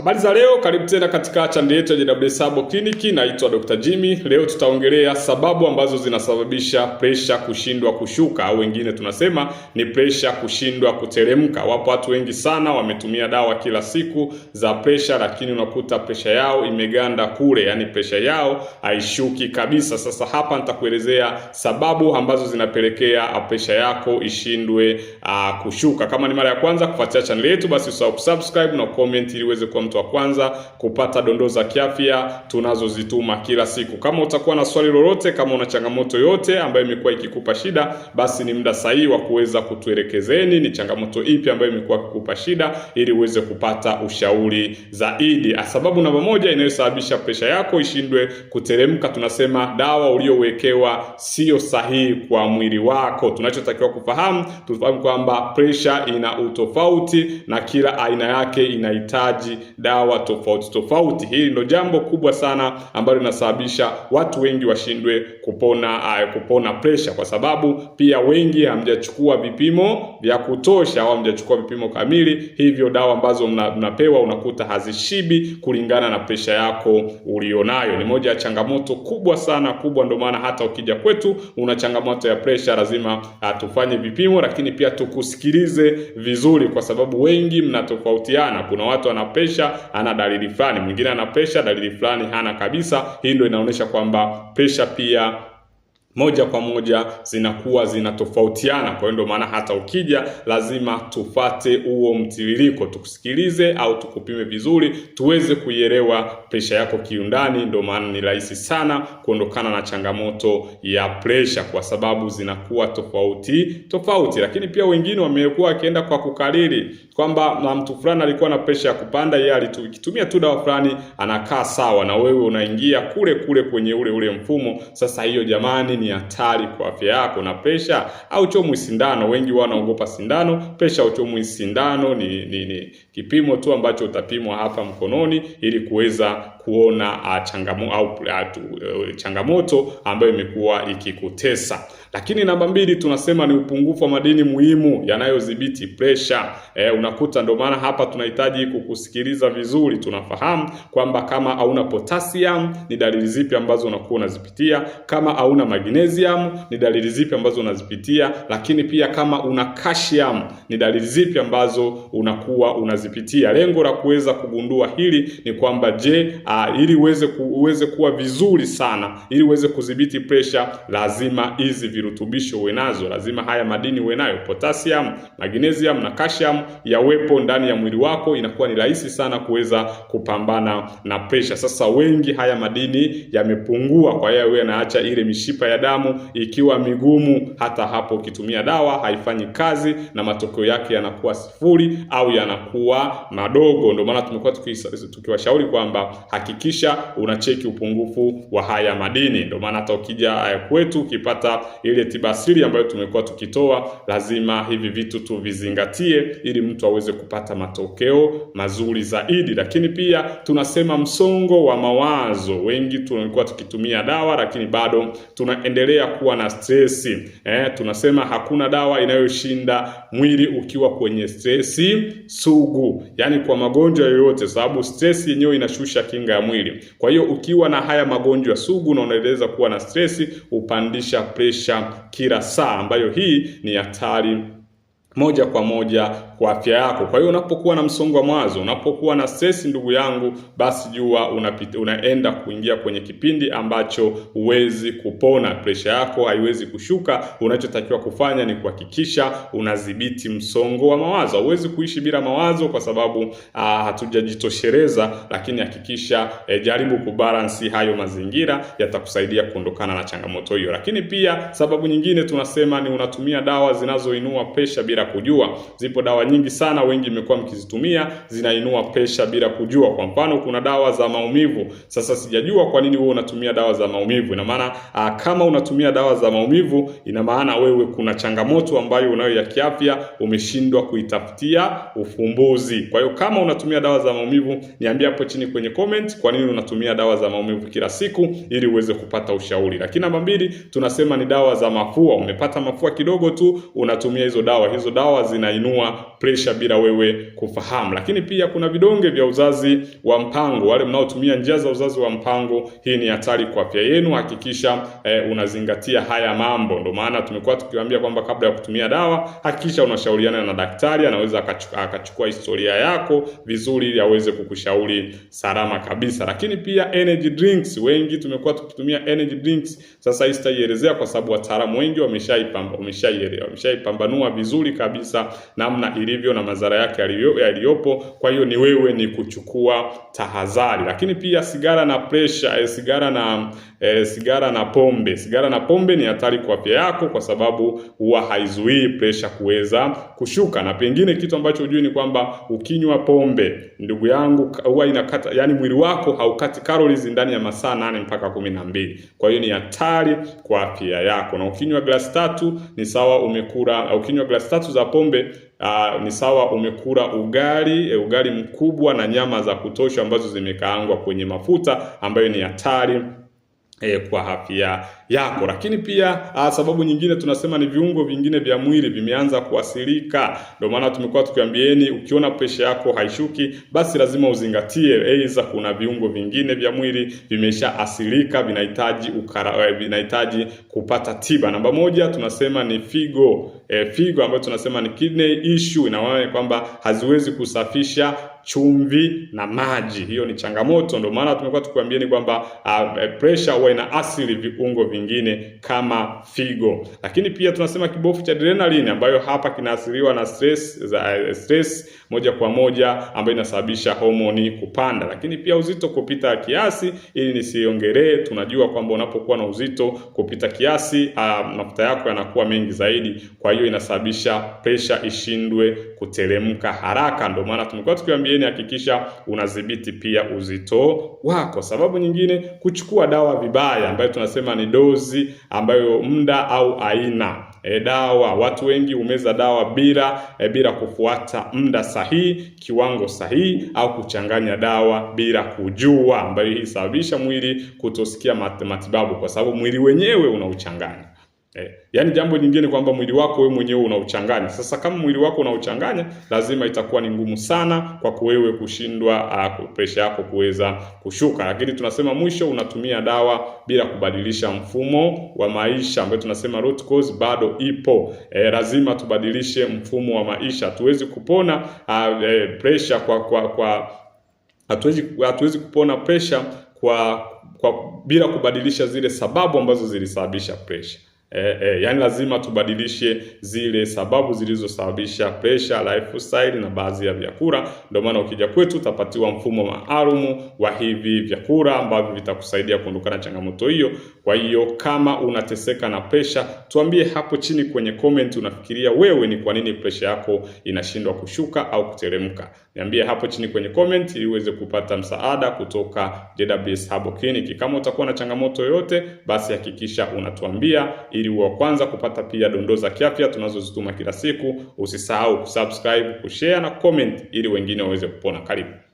Habari za leo, karibu tena katika chaneli yetu ya JW Sabo Clinic. Naitwa Dr. Jimmy. Leo tutaongelea sababu ambazo zinasababisha presha kushindwa kushuka au wengine tunasema ni presha kushindwa kuteremka. Wapo watu wengi sana wametumia dawa kila siku za presha, lakini unakuta presha yao imeganda kule, yani presha yao haishuki kabisa. Sasa hapa nitakuelezea sababu ambazo zinapelekea presha yako ishindwe uh, kushuka. Kama ni mara ya kwanza kufuatia chaneli yetu, basi usahau kusubscribe na comment ili uweze kuwa mtu wa kwanza kupata dondoo za kiafya tunazozituma kila siku. Kama utakuwa na swali lolote, kama una changamoto yote ambayo imekuwa ikikupa shida, basi ni muda sahihi wa kuweza kutuelekezeni ni changamoto ipi ambayo imekuwa ikikupa shida, ili uweze kupata ushauri zaidi. Ah, sababu namba moja inayosababisha presha yako ishindwe kuteremka, tunasema dawa uliowekewa sio sahihi kwa mwili wako. Tunachotakiwa kufahamu, tufahamu kwamba presha ina utofauti na kila aina yake inahitaji dawa tofauti tofauti. Hili ndio jambo kubwa sana ambalo linasababisha watu wengi washindwe kupona uh, kupona pressure, kwa sababu pia wengi hamjachukua vipimo vya kutosha au hamjachukua vipimo kamili, hivyo dawa ambazo mna, mnapewa unakuta hazishibi kulingana na pressure yako ulionayo. Ni moja ya changamoto kubwa sana kubwa, ndio maana hata ukija kwetu una changamoto ya pressure, lazima eh, tufanye vipimo, lakini pia tukusikilize vizuri, kwa sababu wengi mnatofautiana. Kuna watu wana pressure ana dalili fulani, mwingine ana pressure, dalili fulani hana kabisa. Hii ndio inaonyesha kwamba pressure pia moja kwa moja zinakuwa zinatofautiana. Kwa hiyo ndio maana hata ukija lazima tupate huo mtiririko, tukusikilize au tukupime vizuri, tuweze kuielewa presha yako kiundani. Ndio maana ni rahisi sana kuondokana na changamoto ya presha, kwa sababu zinakuwa tofauti tofauti. Lakini pia wengine wamekuwa wakienda kwa kukariri kwamba ah, mtu fulani alikuwa na presha ya kupanda, yeye alitumia tu dawa fulani anakaa sawa, na wewe unaingia kule kule kwenye ule ule mfumo. Sasa hiyo jamani ni hatari kwa afya yako. Na presha hauchomwi sindano, wengi wanaogopa sindano. Presha hauchomwi sindano, ni, ni, ni kipimo tu ambacho utapimwa hapa mkononi ili kuweza kuona uh, ah, changamoto au uh, changamoto ambayo imekuwa ikikutesa. Lakini namba mbili tunasema ni upungufu wa madini muhimu yanayodhibiti pressure. Eh, unakuta ndio maana hapa tunahitaji kukusikiliza vizuri. Tunafahamu kwamba kama hauna potassium ni dalili zipi ambazo unakuwa unazipitia, kama hauna magnesium ni dalili zipi ambazo unazipitia, lakini pia kama una calcium ni dalili zipi ambazo unakuwa unazipitia. Lengo la kuweza kugundua hili ni kwamba je, uh, ili uweze, ku, uweze kuwa vizuri sana, ili uweze kudhibiti presha, lazima hizi virutubisho uwe nazo, lazima haya madini uwe nayo, potassium, magnesium na calcium yawepo ndani ya mwili wako, inakuwa ni rahisi sana kuweza kupambana na presha. Sasa wengi haya madini yamepungua, kwa hiyo wewe naacha ile mishipa ya damu ikiwa migumu, hata hapo ukitumia dawa haifanyi kazi na matokeo yake yanakuwa sifuri au yanakuwa madogo. Ndio maana tumekuwa tukiwashauri kwamba hakikisha unacheki upungufu wa haya madini. Ndio maana hata ukija eh, kwetu ukipata ile tiba asili ambayo tumekuwa tukitoa, lazima hivi vitu tuvizingatie, ili mtu aweze kupata matokeo mazuri zaidi. Lakini pia tunasema msongo wa mawazo, wengi tumekuwa tukitumia dawa, lakini bado tunaendelea kuwa na stresi eh. Tunasema hakuna dawa inayoshinda mwili ukiwa kwenye stresi sugu, yani kwa magonjwa yoyote, sababu stresi yenyewe inashusha kinga kinga ya mwili. Kwa hiyo ukiwa na haya magonjwa sugu na unaeleza kuwa na stresi, hupandisha presha kila saa, ambayo hii ni hatari moja kwa moja kwa afya yako. Kwa hiyo unapokuwa na msongo wa mawazo, unapokuwa na stress, ndugu yangu, basi jua unapita, unaenda kuingia kwenye kipindi ambacho huwezi kupona, presha yako haiwezi kushuka. Unachotakiwa kufanya ni kuhakikisha unadhibiti msongo wa mawazo. Huwezi kuishi bila mawazo kwa sababu uh, hatujajitosheleza, lakini hakikisha eh, jaribu kubalansi hayo mazingira, yatakusaidia kuondokana na changamoto hiyo. Lakini pia sababu nyingine tunasema ni unatumia dawa zinazoinua presha bila bila kujua. Zipo dawa nyingi sana, wengi mmekuwa mkizitumia, zinainua pesha bila kujua. Kwa mfano, kuna dawa za maumivu. Sasa sijajua kwa nini wewe unatumia dawa za maumivu. Ina maana ah, kama unatumia dawa za maumivu, ina maana wewe kuna changamoto ambayo unayo ya kiafya, umeshindwa kuitafutia ufumbuzi. Kwa hiyo kama unatumia dawa za maumivu, niambie hapo chini kwenye comment kwa nini unatumia dawa za maumivu kila siku, ili uweze kupata ushauri. Lakini namba mbili tunasema ni dawa za mafua. Umepata mafua kidogo tu, unatumia hizo dawa hizo ambazo dawa zinainua presha bila wewe kufahamu. Lakini pia kuna vidonge vya uzazi wa mpango. Wale mnaotumia njia za uzazi wa mpango, hii ni hatari kwa afya yenu. Hakikisha eh, unazingatia haya mambo. Ndio maana tumekuwa tukiwaambia kwamba kabla ya kutumia dawa hakikisha unashauriana na daktari, anaweza akachukua historia yako vizuri, ili aweze kukushauri salama kabisa. Lakini pia energy drinks, wengi tumekuwa tukitumia energy drinks. Sasa hii sitaielezea kwa sababu wataalamu wengi wameshaipamba wameshaielewa wameshaipambanua vizuri kabisa namna ilivyo na madhara yake yaliyopo. Kwa hiyo ni wewe ni kuchukua tahadhari, lakini pia sigara na presha, eh, sigara na eh, sigara na pombe, sigara na pombe ni hatari kwa afya yako, kwa sababu huwa haizuii presha kuweza kushuka, na pengine kitu ambacho hujui ni kwamba ukinywa pombe, ndugu yangu, huwa inakata, yani mwili wako haukati calories ndani ya masaa nane mpaka kumi na mbili. Kwa hiyo ni hatari kwa afya yako, na ukinywa glasi tatu ni sawa umekula, ukinywa glasi tatu tatu za pombe ah, ni sawa umekula ugali e, ugali mkubwa na nyama za kutosha ambazo zimekaangwa kwenye mafuta ambayo ni hatari E, kwa afya yako. Lakini pia a, ah, sababu nyingine tunasema ni viungo vingine vya mwili vimeanza kuathirika. Ndio maana tumekuwa tukiambieni ukiona presha yako haishuki, basi lazima uzingatie aidha kuna viungo vingine vya mwili vimeshaathirika, vinahitaji eh, vinahitaji kupata tiba. Namba moja tunasema ni figo e, figo ambayo tunasema ni kidney issue, ina maana kwamba haziwezi kusafisha chumvi na maji. Hiyo ni changamoto, ndio maana tumekuwa tukiambieni kwamba uh, pressure huwa ina asili viungo vingine kama figo, lakini pia tunasema kibofu cha adrenaline ambayo hapa kinaathiriwa na stress, za eh, stress moja kwa moja ambayo inasababisha homoni kupanda, lakini pia uzito kupita kiasi. Ili nisiongelee, tunajua kwamba unapokuwa na uzito kupita kiasi uh, mafuta yako yanakuwa mengi zaidi, kwa hiyo inasababisha pressure ishindwe kuteremka haraka, ndio maana tumekuwa tukiambia nyingine, hakikisha unadhibiti pia uzito wako. Sababu nyingine, kuchukua dawa vibaya, ambayo tunasema ni dozi, ambayo muda au aina E, dawa watu wengi umeza dawa bila e, bila kufuata muda sahihi, kiwango sahihi, au kuchanganya dawa bila kujua, ambayo hii sababisha mwili kutosikia matibabu, kwa sababu mwili wenyewe unauchanganya. Eh, yaani jambo nyingine kwamba mwili wako wewe mwenyewe unauchanganya. Sasa kama mwili wako unauchanganya, lazima itakuwa ni ngumu sana kwa wewe kushindwa ah, presha yako kuweza kushuka. Lakini tunasema mwisho, unatumia dawa bila kubadilisha mfumo wa maisha ambayo tunasema root cause bado ipo. Eh, lazima tubadilishe mfumo wa maisha. Tuwezi kupona ah, eh, presha kwa kwa kwa hatuwezi hatuwezi kupona presha kwa kwa bila kubadilisha zile sababu ambazo zilisababisha presha. Eh, eh, yani lazima tubadilishe zile sababu zilizosababisha pressure, lifestyle na baadhi ya vyakula. Ndio maana ukija kwetu utapatiwa mfumo maalum wa hivi vyakula ambavyo vitakusaidia kuondokana na changamoto hiyo. Kwa hiyo kama unateseka na pressure, tuambie hapo chini kwenye comment, unafikiria wewe ni kwa nini pressure yako inashindwa kushuka au kuteremka? Niambie hapo chini kwenye comment ili uweze kupata msaada kutoka JWS Herbal Clinic. Kama utakuwa na changamoto yoyote, basi hakikisha unatuambia ili wa kwanza kupata pia dondoo za kiafya tunazozituma kila siku. Usisahau kusubscribe, kushare na comment ili wengine waweze kupona. Karibu.